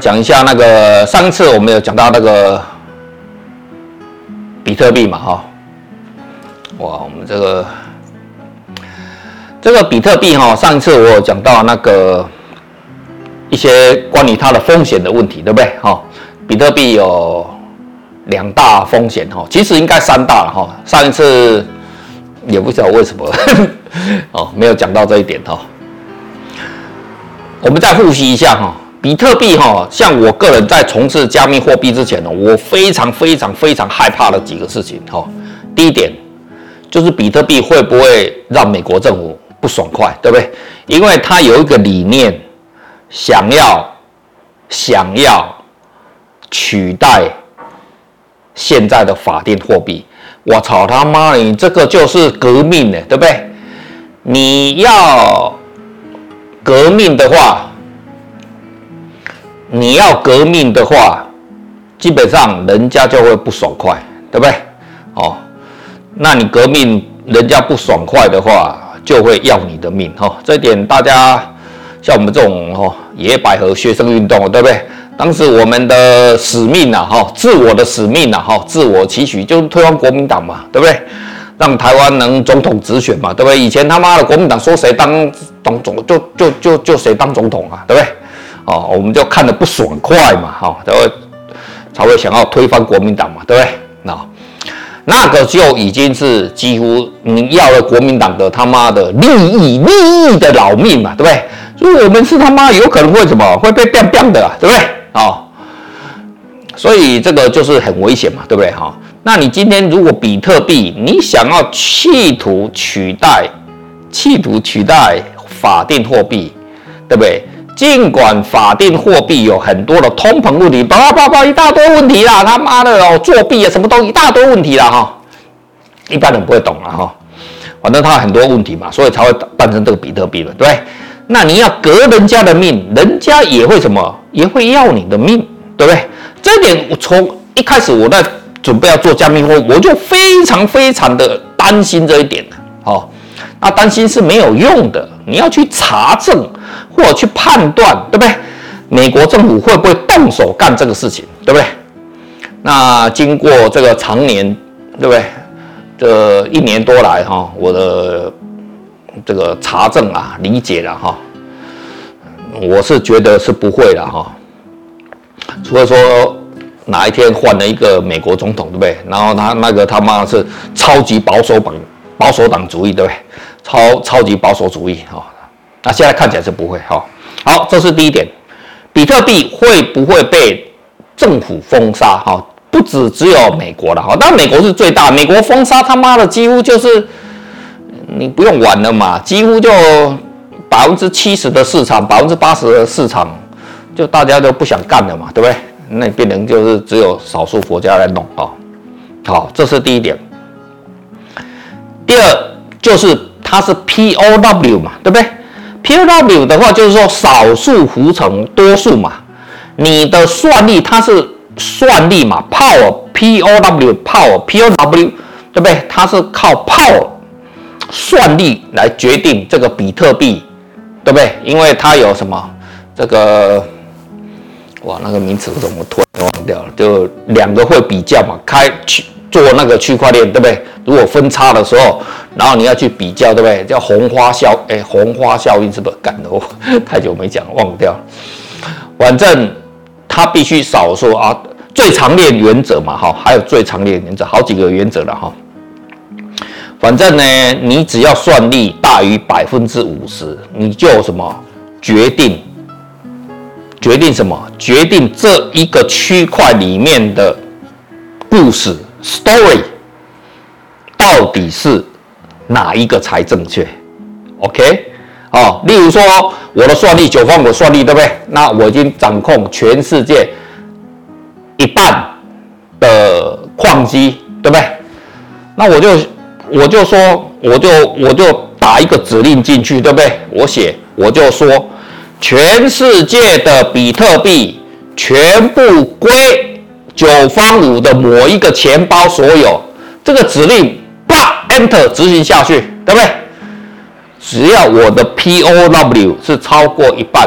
講一下那個上一次我們有講到那個比特幣嘛哈，哇，我們這個這個比特幣哈、哦，上一次我有講到那個一些關於它的風險的問題，對不對？哈、哦，比特幣有兩大風險哈，其實應該三大了哈。上一次也不知道為什麼呵呵哦，沒有講到這一點哈、哦，我們再複習一下哈、哦。比特幣哈，像我個人在從事加密貨幣之前呢，我非常非常非常害怕的幾個事情哈。第一點就是比特幣會不會讓美國政府不爽快，對不對？因為他有一個理念，想要想要取代現在的法定貨幣。我操他媽，你這個就是革命呢，對不對？你要革命的話。你要革命的話，基本上人家就會不爽快，對不對？哦，那你革命人家不爽快的話，就會要你的命哦，這點大家像我們這種哦，野百合學生運動哦，對不對？當時我們的使命啊，哈、哦，自我的使命啊，哈，自我期許就是推翻國民黨嘛，對不對？讓台灣能總統直選嘛，對不對？以前他媽的國民黨說誰當總，就就就就誰當總統啊，對不對？哦，我們就看得不爽快嘛，哈、哦，才會才會想要推翻國民黨嘛，對不對？那那個就已經是幾乎你要了國民黨的他媽的利益利益的老命嘛，對不對？所以我們是他媽有可能會怎麼會被變變的，對不對？哦，所以這個就是很危險嘛，對不對？哈，那你今天如果比特幣，你想要企圖取代，企圖取代法定貨幣，對不對？儘管法定貨幣有很多的通膨問題，巴巴巴一大堆問題啦，他媽的哦，作弊啊，什麼都一大堆問題啦哈，一般人不會懂啦哈，反正他有很多問題嘛，所以才會誕生這個比特幣的，對不對？那你要革人家的命，人家也會什麼，也會要你的命，對不對？這一點我從一開始我在準備要做加密貨幣，我就非常非常的擔心這一點哦，那擔心是沒有用的。你要去查證或者去判斷，對不對？美國政府會不會動手幹這個事情，對不對？那經過這個常年，對不對？這一年多來哈，我的這個查證啊，理解了哈，我是覺得是不會了哈。除了說哪一天換了一個美國總統，對不對？然後他那個他媽是超級保守黨，保守黨主義，對不對？超超級保守主義哈、哦，那現在看起來是不會哈、哦。好，這是第一點，比特幣會不會被政府封殺哈、哦？不止只有美國了哈、哦，當然美國是最大，美國封殺他媽的幾乎就是你不用玩了嘛，幾乎就百分之七十的市場，百分之八十的市場就大家都不想幹了嘛，對不對？那變成就是只有少數國家來弄啊、哦。好，這是第一點。第二就是。它是 P O W 嘛，對不對？P O W 的話就是說少數服從多數嘛。你的算力它是算力嘛，power P O W power P O W 對不對？它是靠 power 算力來決定這個比特幣，對不對？因為它有什麼這個，哇，那個名詞怎麼突然忘掉了？就兩個會比較嘛，開去。做那個區塊鏈，對不對？如果分叉的時候，然後你要去比較，對不對？叫紅花效，哎、欸，紅花效應是不是？幹的，我太久沒講，忘掉。反正他必須少說啊，最長鏈原則嘛，哈，還有最長鏈原則，好幾個原則了哈。反正呢，你只要算力大於百分之五十，你就什麼決定？決定什麼？決定這一個區塊裡面的故事。Story，到底是哪一個才正確？OK，好，例如說我的算力，久方武的算力對不對？那我已經掌控全世界一半的礦機，對不對？那我就我就說，我就我就打一個指令進去，對不對？我寫，我就說，全世界的比特幣全部歸。久方武的某一個錢包，所有這個指令，按 Enter 執行下去，對不對？只要我的 POW 是超過一半，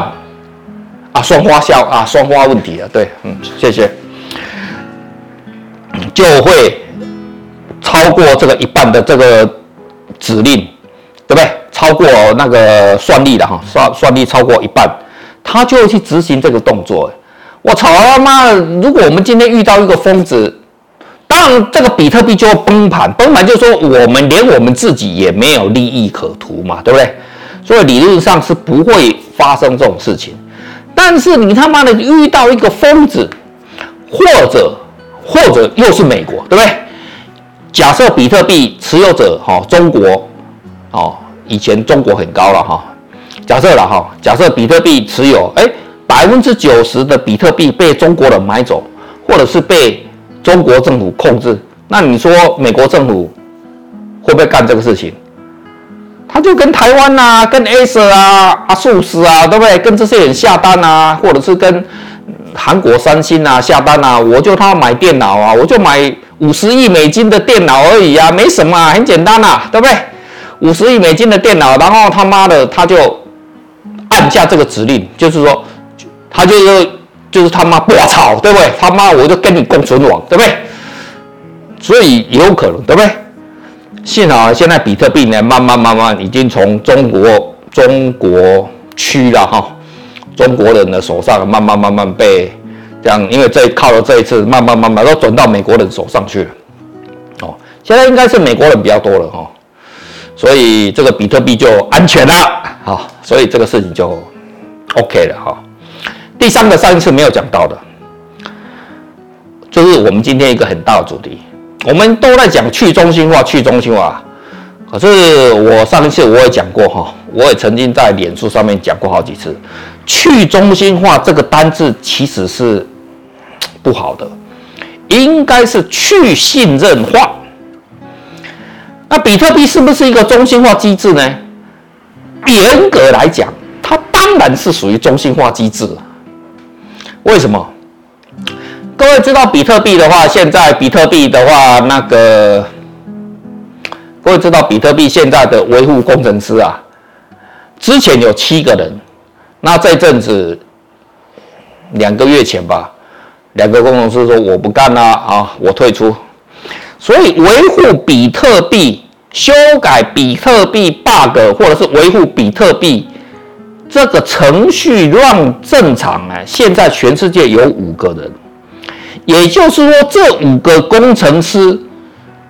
啊，雙花銷啊，雙花問題啊，對，嗯，謝謝，就會超過這個一半的這個指令，對不對？超過那個算力的哈，算算力超過一半，他就會去執行這個動作。我操他媽的！如果我們今天遇到一個瘋子，當然這個比特幣就要崩盤，崩盤就是說我們連我們自己也沒有利益可圖嘛，對不對？所以理論上是不會發生這種事情。但是你他媽的遇到一個瘋子，或者或者又是美國，對不對？假設比特幣持有者哈，中國哦，以前中國很高了哈，假設了哈，假設比特幣持有哎。誒百分之九十的比特幣被中國人買走，或者是被中國政府控制。那你說美國政府會不會幹這個事情？他就跟台灣啊、跟 A 社啊、阿術斯啊，對不對？跟這些人下單啊，或者是跟韓國三星啊下單啊，我就他買電腦啊，我就買五十億美金的電腦而已啊，沒什麼、啊，很簡單吶、啊，對不對？五十億美金的電腦，然後他媽的他就按下這個指令，就是說。他就是就是他媽，我操，對不對？他媽，我就跟你共存亡，對不對？”所以也有可能，對不對？幸好現在比特幣呢，慢慢慢慢已經從中國中國區了哈，中國人的手上慢慢慢慢被這樣，因為這靠了這一次，慢慢慢慢都轉到美國人手上去了。哦，現在應該是美國人比較多了哈，所以這個比特幣就安全了，好，所以這個事情就 OK 了，哈。第三個上一次沒有講到的，就是我們今天一個很大的主題，我們都在講去中心化、去中心化。可是我上一次我也講過哈，我也曾經在臉書上面講過好幾次，去中心化這個單字其實是不好的，應該是去信任化。那比特幣是不是一個中心化機制呢？嚴格來講，它當然是屬於中心化機制。為什麼？各位知道比特幣的話，現在比特幣的話，那個各位知道比特幣現在的維護工程師啊，之前有七個人，那這陣子兩個月前吧，兩個工程師說我不幹了啊，我退出，所以維護比特幣、修改比特幣 bug 或者是維護比特幣。這個程序亂正常啊，現在全世界有五個人，也就是說，這五個工程師，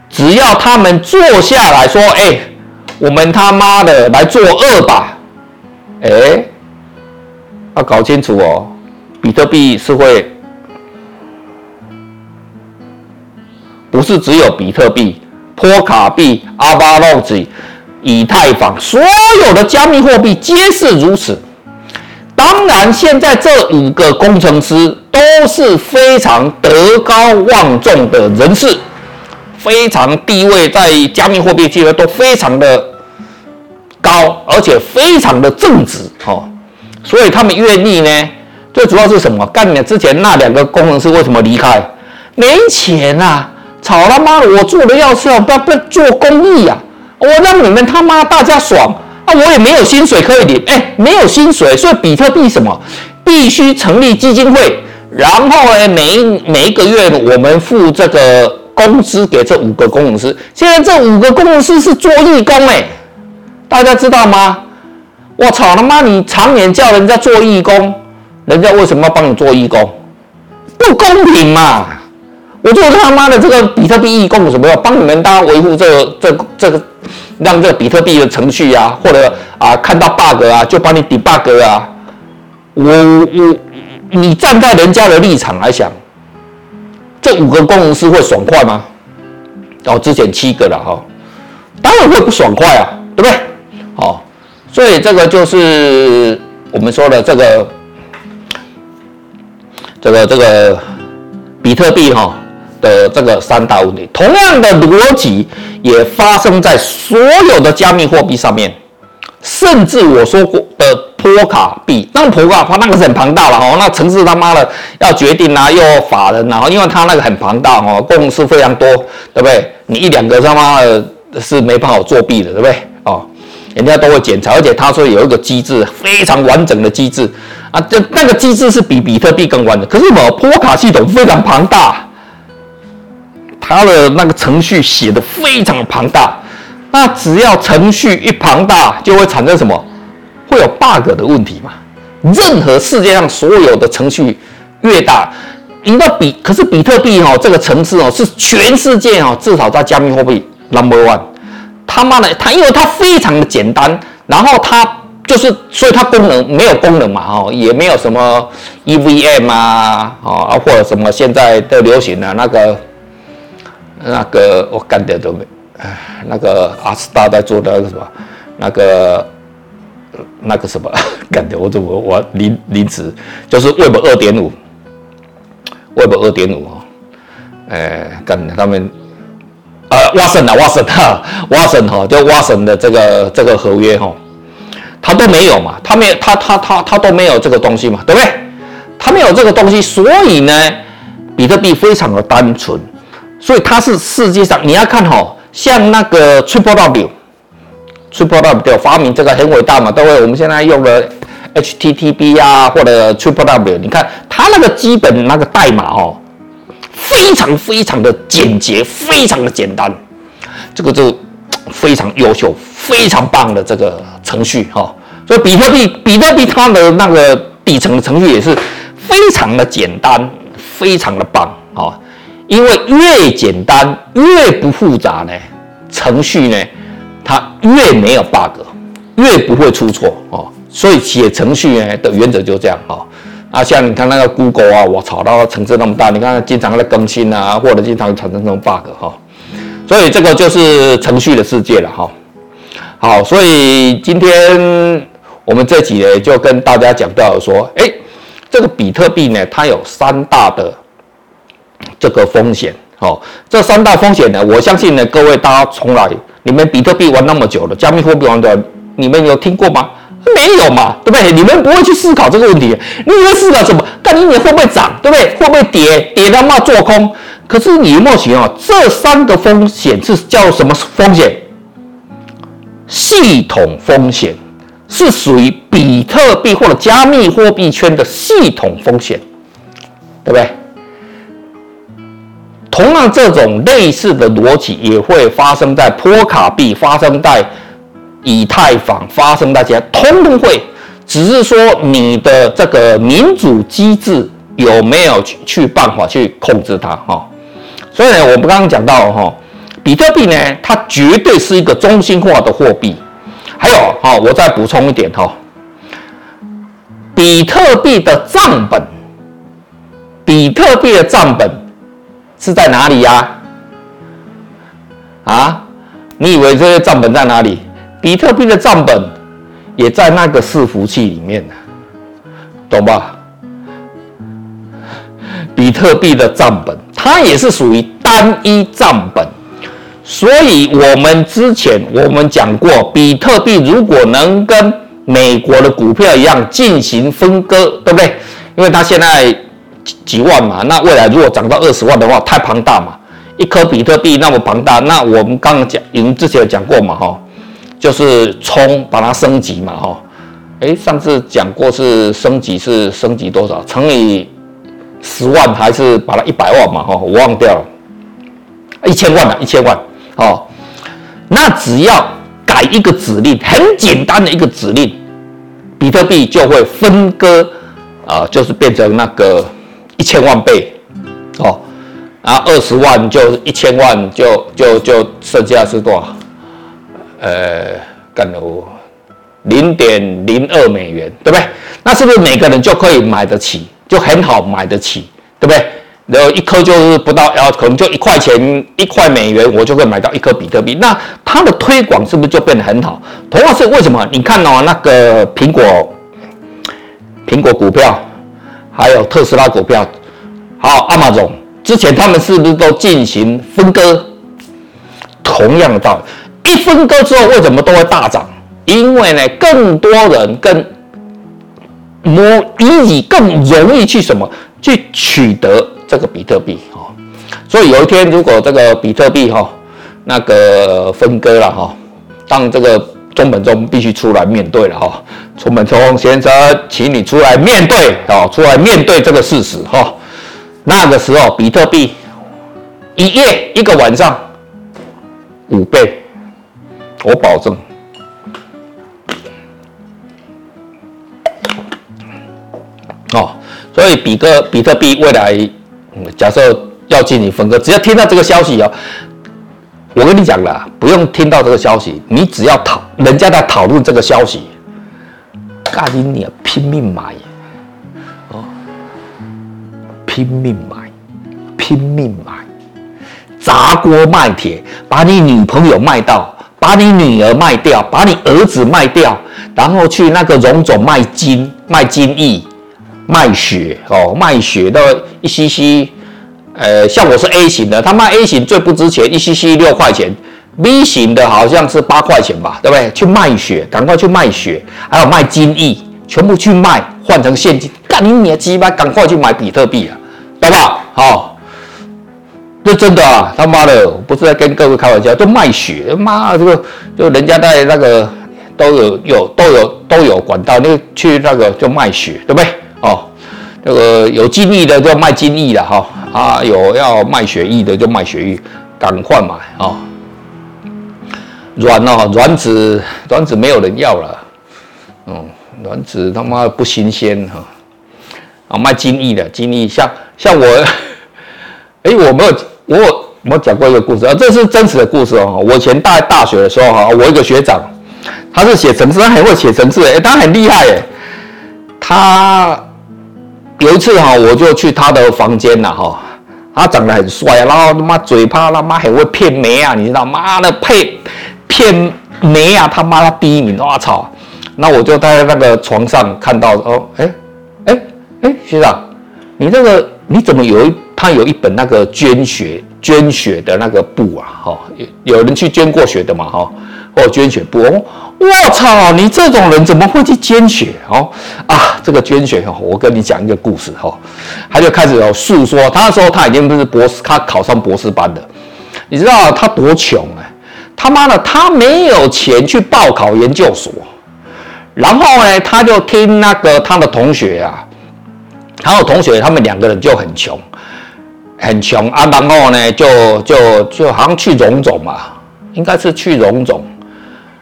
只要他們坐下來說：“哎，我們他媽的來做惡吧！”哎，要搞清楚哦，比特幣是會，不是只有比特幣，波卡幣、阿巴洛吉。以太坊所有的加密貨幣皆是如此。當然，現在這五個工程師都是非常德高望重的人士，非常地位在加密貨幣界都非常的高，而且非常的正直哦。所以他們願意呢，最主要是什麼？幹你之前那兩個工程師為什麼離開？沒錢吶、啊！吵他媽的，我做的要是要、啊、不要不要做公益呀？我讓你們他媽大家爽啊！我也沒有薪水可以領，哎、欸，沒有薪水，所以比特幣什麼必須成立基金會，然後呢、欸，每一每一個月我們付這個工資給這五個工程師。現在這五個工程師是做義工、欸，哎，大家知道嗎？我操他媽！你常年叫人家做義工，人家為什麼要幫你做義工？不公平嘛！我做他媽的這個比特幣義工有什麼用？幫你們大家維護這這這個，這個這個、讓這個比特幣的程序呀、啊，或者啊看到 bug 啊，就幫你 debug 啊。我我你站在人家的立場來想，這五個工程師會爽快嗎？哦，之前七個了哈、哦，當然會不爽快啊，對不對？好、哦，所以這個就是我們說的這個這個這個比特幣哈、哦。的這個三大問題，同樣的邏輯也發生在所有的加密貨幣上面，甚至我說過的波卡幣，那波卡他那個是很龐大了哈，那城市他媽的要決定啊，又法人，然後因為他那個很龐大哦，公司非常多，對不對？你一兩個他媽的是沒辦法作弊的，對不對？哦，人家都會檢查，而且他說有一個機制，非常完整的機制啊，這那個機制是比比特幣更完整，可是我波卡系統非常龐大。它的那個程序寫得非常龐大，那只要程序一龐大，就會產生什麼？會有 bug 的問題嘛？任何世界上所有的程序越大，應該比，可是比特幣哦，這個層次哦，是全世界哦，至少在加密貨幣 number one。他媽的，他因為它非常的簡單，然後它就是，所以它功能沒有功能嘛？哦，也沒有什麼 EVM 啊，哦啊，或者什麼現在的流行的、啊、那個。那個我幹掉都沒，哎，那個阿斯大在做的那個什麼，那個那個什麼幹掉，我怎麼我離離職？就是 Web 二點五，Web 二點五，Web 二點五啊，哎，幹掉他們啊，WASM 啊，WASM 哈，WASM 哈，就 WASM 的這個這個合約哈，他都沒有嘛，他沒他他他他都沒有這個東西嘛，對不對？他沒有這個東西，所以呢，比特幣非常的單純。所以它是世界上你要看哈，像那個 Triple W，Triple W 發明這個很偉大嘛，各位，我們現在用了 HTTP 呀，或者 Triple W，你看它那個基本那個代碼哦，非常非常的簡潔，非常的簡單，這個就非常優秀，非常棒的這個程序哈。所以比特幣，比特幣它的那個底層的程序也是非常的簡單，非常的棒啊。哦因為越簡單越不複雜呢，程序呢，它越沒有 bug，越不會出錯哦。所以寫程序呢的原則就這樣哈、哦。啊，像你看那個 Google 啊，我操，它城市那麼大，你看經常在更新啊，或者經常產生這種 bug 哈、哦。所以這個就是程序的世界了哈、哦。好，所以今天我們這集呢就跟大家講到說，哎，這個比特幣呢，它有三大的。這個風險哦，這三大風險呢，我相信呢，各位大家從來你們比特幣玩那麼久了，加密貨幣玩的，你們有聽過嗎？沒有嘛，對不對？你們不會去思考這個問題，你們思考什麼？但你你會不會漲，對不對？會不會跌？跌幹嘛做空？可是你有沒有想啊，這三個風險是叫什麼風險？系統風險，是屬於比特幣或者加密貨幣圈的系統風險，對不對？同樣，這種類似的邏輯也會發生在波卡幣，發生在以太坊，發生在這些，通通會。只是說你的這個民主機制有沒有去去辦法去控制它？哈，所以呢我們剛剛講到，哈，比特幣呢，它絕對是一個中心化的貨幣。還有，哈，我再補充一點，哈，比特幣的賬本，比特幣的賬本。是在哪裡呀？啊？啊，你以為這些賬本在哪裡？比特幣的賬本也在那個伺服器裡面，懂吧？比特幣的賬本，它也是屬於單一賬本，所以我們之前我們講過，比特幣如果能跟美國的股票一樣進行分割，對不對？因為它現在。幾萬嘛，那未來如果漲到二十萬的話，太龐大嘛。一顆比特幣那麼龐大，那我們剛剛講，我們之前有講過嘛，哈、哦，就是衝把它升級嘛，哈、哦。誒、欸，上次講過是升級是升級多少乘以十萬，還是把它一百萬嘛，哈、哦，我忘掉了。一千萬了，一千萬，哦，那只要改一個指令，很簡單的一個指令，比特幣就會分割，啊、呃，就是變成那個。一千萬倍，哦，然後二十萬就一千萬就，就就就剩下是多少？呃，干了我零點零二美元，對不對？那是不是每個人就可以買得起？就很好買得起，對不對？然後一顆就是不到，然後可能就一塊錢一塊美元，我就會買到一顆比特幣。那它的推廣是不是就變得很好？同樣是為什麼？你看哦，那個蘋果蘋果股票。還有特斯拉股票，好，亞馬遜之前他們是不是都進行分割？同樣的道理，一分割之後為什麼都會大漲？因為呢，更多人更摩比你更容易去什麼去取得這個比特幣哈、哦，所以有一天如果這個比特幣哈、哦、那個分割了哈、哦，當這個。中本聰必須出來面對了哈，中本聰先生，請你出來面對哦，出來面對這個事實哈。那個時候，比特幣一夜一個晚上五倍，我保證。哦，所以比個比特幣未來假設要進行分割，只要聽到這個消息啊。我跟你講了，不用聽到這個消息，你只要討人家在討論這個消息，趕緊你要拼命買，哦，拼命買，拼命買，砸鍋賣鐵，把你女朋友賣掉，把你女兒賣掉，把你兒子賣掉，然後去那個榮總賣金、賣金藝，賣血哦，賣血的一西西。呃，像我是 A 型的，他賣 A 型最不值錢，一 cc 六塊錢 B 型的好像是八塊錢吧，對不對？去賣血，趕快去賣血，還有賣金翼，全部去賣換成現金。幹你媽雞巴，趕快去買比特幣啊，對吧？好、哦，這真的啊，他媽的不是在跟各位開玩笑，就賣血，媽這個就人家在那個都有有都有都有管道，那個去那個就賣血，對不對？哦，這個有金翼的就賣金翼的，哈、哦。啊，他有要賣血液的就賣血液，趕快買啊！軟哦，軟籽，哦，軟籽沒有人要了，嗯，軟籽他媽不新鮮哈！啊，哦，賣精液的精液，像像我，哎，欸，我沒有，我有我講過一個故事啊，這是真實的故事哦。我以前大大學的時候哈，我一個學長，他是寫程式，他很會寫程式，哎，欸，他很厲害哎，欸，他。有一次哈，我就去他的房間了哈，他長得很帥，然後他媽嘴炮他媽還會騙媒啊，你知道嗎？媽的，騙媒啊，他媽的第一名，哇操！那我就在那個床上看到，哦、欸，哎、欸，哎、欸，哎，學長，你這個你怎麼有一他有一本那個捐血捐血的那個簿啊？哈，有有人去捐過血的嘛？哈，哦，捐血簿。哦我操、啊！你這種人怎麼會去捐血哦？啊，這個捐血哦，我跟你講一個故事哦。他就開始有訴說，他說他已經不是博士，他考上博士班了。你知道他多窮啊，他媽的，他沒有錢去報考研究所。然後呢，他就聽那個他的同學啊，他的同學，他們兩個人就很窮，很窮啊。然後呢，就就就好像去榮總嘛，應該是去榮總。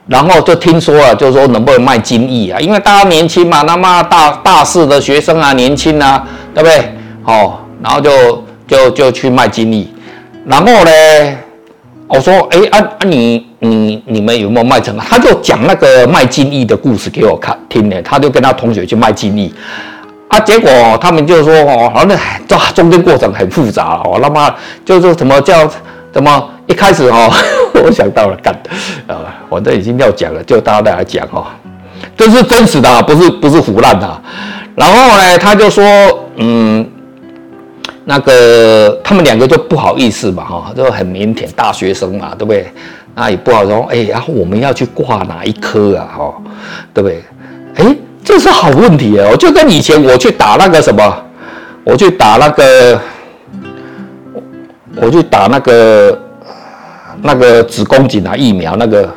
然後就聽說了，就是說能不能賣精液啊？因為大家年輕嘛，那麼大大，大四的學生啊，年輕啊，對不對？哦，然後就就就去賣精液，然後呢，我說，哎，啊啊你你你們有沒有賣成啊？他就講那個賣精液的故事給我看聽呢，他就跟他同學去賣精液，啊，結果他們就說，哦，那這中間過程很複雜，哦，那麼就是什麼叫？怎麼一開始哦， 我想到了，幹，啊、哦，反正已經要講了，就大家來講哦，這是真實的、啊，不是不是胡亂的。然後呢，他就說，嗯，那個他們兩個都不好意思嘛，哈、哦，就很腼腆，大學生啊，對不對？那也不好說，哎，然後，啊，我們要去掛哪一科啊，哈、哦，對不對？哎，這是好問題哦，就跟以前我去打那個什麼，我去打那個。我去打那個那個子宮頸癌疫苗，那個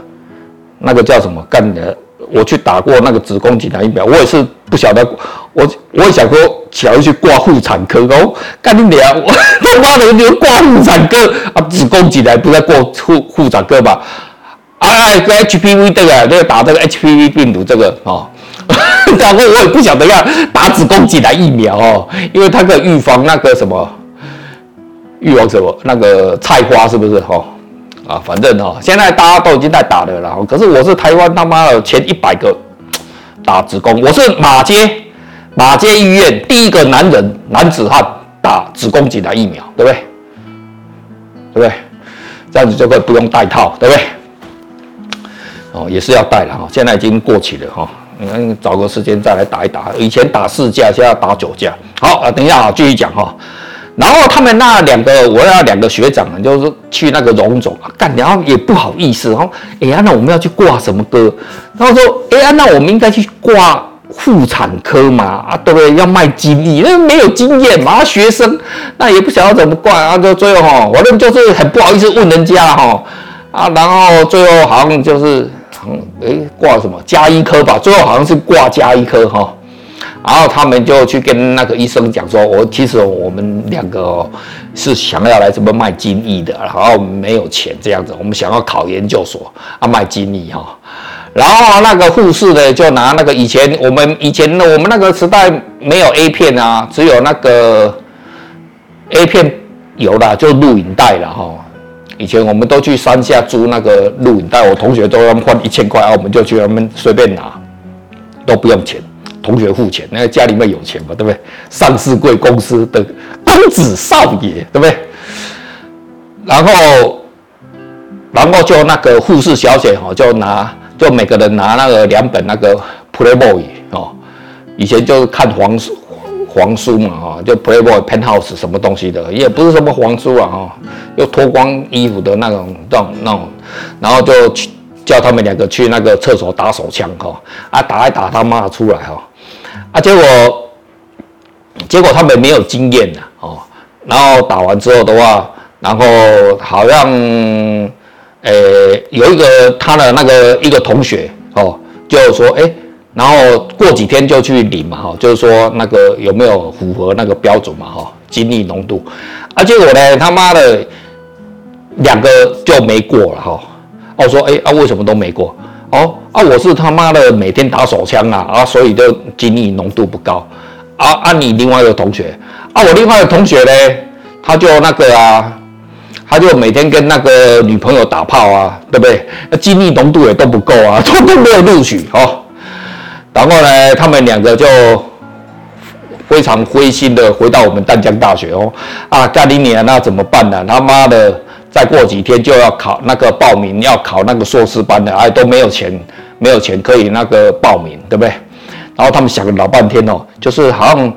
那個叫什麼？幹的？我去打過那個子宮頸癌疫苗，我也是不曉得。我我也想說，想要去掛婦產科哦，幹的了我他媽的，你就掛婦產科啊？子宮頸癌不要過婦婦產科吧。哎、啊，個 HPV 對啊，這、那個打這個 HPV 病毒這個啊，然、哦、後、嗯、 我，我也不曉得要打子宮頸癌疫苗哦，因為它可以預防那個什麼。預防什麼那個菜花是不是哈、哦？啊，反正哈、哦，現在大家都已經在打了啦。可是我是台灣他媽的前一百個打子宮，我是馬偕馬偕醫院第一個男人男子漢打子宮頸癌疫苗，對不對？對不對？這樣子就可以不用戴套，對不對？哦，也是要戴了哈，現在已經過期了哈，嗯，找個時間再來打一打。以前打四價，現在要打九價。好啊，等一下啊，繼續講哈。然後他們那兩個，我那兩個學長，就是去那個榮總、啊、幹，然後也不好意思，然後哎呀、啊，那我們要去掛什麼科？然後說哎呀、啊，那我們應該去掛婦產科嘛，啊對不對？要賣精力，那沒有經驗嘛，啊、學生那也不曉得怎麼掛，然、啊、後最後哈，反正就是很不好意思問人家哈，啊，然後最後好像就是哎、嗯、掛什麼家醫科吧，最後好像是掛家醫科哈。哦然後他們就去跟那個醫生講說：“我其實我們兩個是想要來這邊賣精液的，然後沒有錢這樣子，我們想要考研究所啊，賣精液哈。然後那個護士呢，就拿那個以前我們以前呢，我們那個時代沒有 A 片啊，只有那個 A 片有了就錄影帶了哈。以前我們都去山下租那個錄影帶，我同學都他們換一千塊啊，我們就去他們隨便拿，都不用錢。”同學付錢，那個家裡面有錢嘛，對不對？上市櫃公司的公子少爺，對不對？然後，然後就那個護士小姐哈，就拿就每個人拿那個兩本那個 Playboy 哦，以前就是看黃書黃書嘛哈，就 Playboy Penthouse 什麼東西的，也不是什麼黃書啊，就又脫光衣服的那種那種那種，然後就去叫他們兩個去那個廁所打手槍哈，啊打一打，他媽出來哈。啊，結果，結果他們沒有經驗吶，哦、喔，然後打完之後的話，然後好像，呃、欸，有一個他的那個一個同學，哦、喔，就說，誒、欸，然後過幾天就去領嘛，哈、喔，就是說那個有沒有符合那個標準嘛，哈、喔，精力濃度，啊，結果呢，他媽的，兩個就沒過了，哈、喔，我說，誒、欸，啊，為什麼都沒過？哦、喔。啊，我是他媽的每天打手槍啊，啊，所以就精液濃度不高。啊啊，你另外一個同學，啊，我另外一個同學呢，他就那個啊，他就每天跟那個女朋友打炮啊，對不對？那精液濃度也都不夠啊，都都沒有錄取哦。然後呢，他們兩個就非常灰心的回到我們淡江大學哦。啊，幹一年那怎麼辦呢、啊？他媽的，再過幾天就要考那個報名要考那個碩士班了，哎、啊，都沒有錢。沒有錢可以那個報名，對不對？然後他們想了老半天哦，就是好像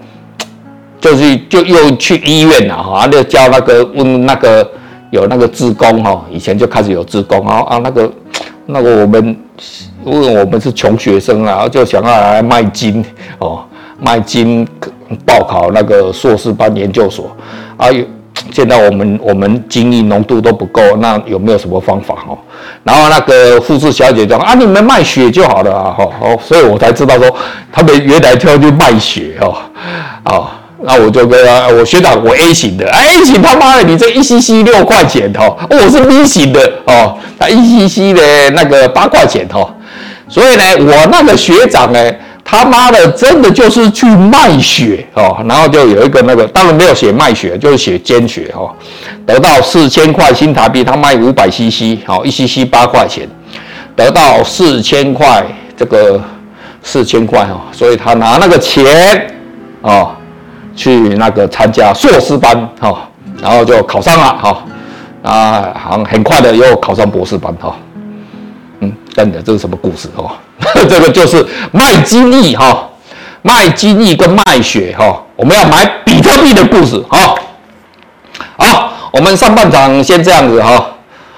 就是就又去醫院了哈，就叫那個問那個有那個職工哈，以前就開始有職工啊啊那個那個我們因為我們是窮學生啊，就想要來賣金哦，賣金報考那個碩士班研究所啊有。現在我們，我們精力濃度都不夠，那有沒有什麼方法哦？然後那個護士小姐講啊，你們賣血就好了啊，哈、哦、所以我才知道說他們原來挑去賣血哦，哦，那我就跟啊，我學長我 A 型的、哎、，A 型他媽的，你這一 cc 六塊錢哦，我、哦、是 B 型的哦，他一 cc 的那個八塊錢哦，所以呢，我那個學長呢。他媽的，真的就是去賣血哦，然後就有一個那個，當然沒有寫賣血，就是寫捐血哦，得到四千塊新台幣，他賣五百 cc，好一 cc 八塊錢，得到四千塊，這個四千塊哦，所以他拿那個錢哦，去那個參加碩士班哦，然後就考上了哦，啊，好像很快的又考上博士班哈。真的，這是什麼故事哦？這個就是賣精力哈，賣精力跟賣血哈、哦，我們要買比特幣的故事哈、哦。好，我們上半場先這樣子哈。哦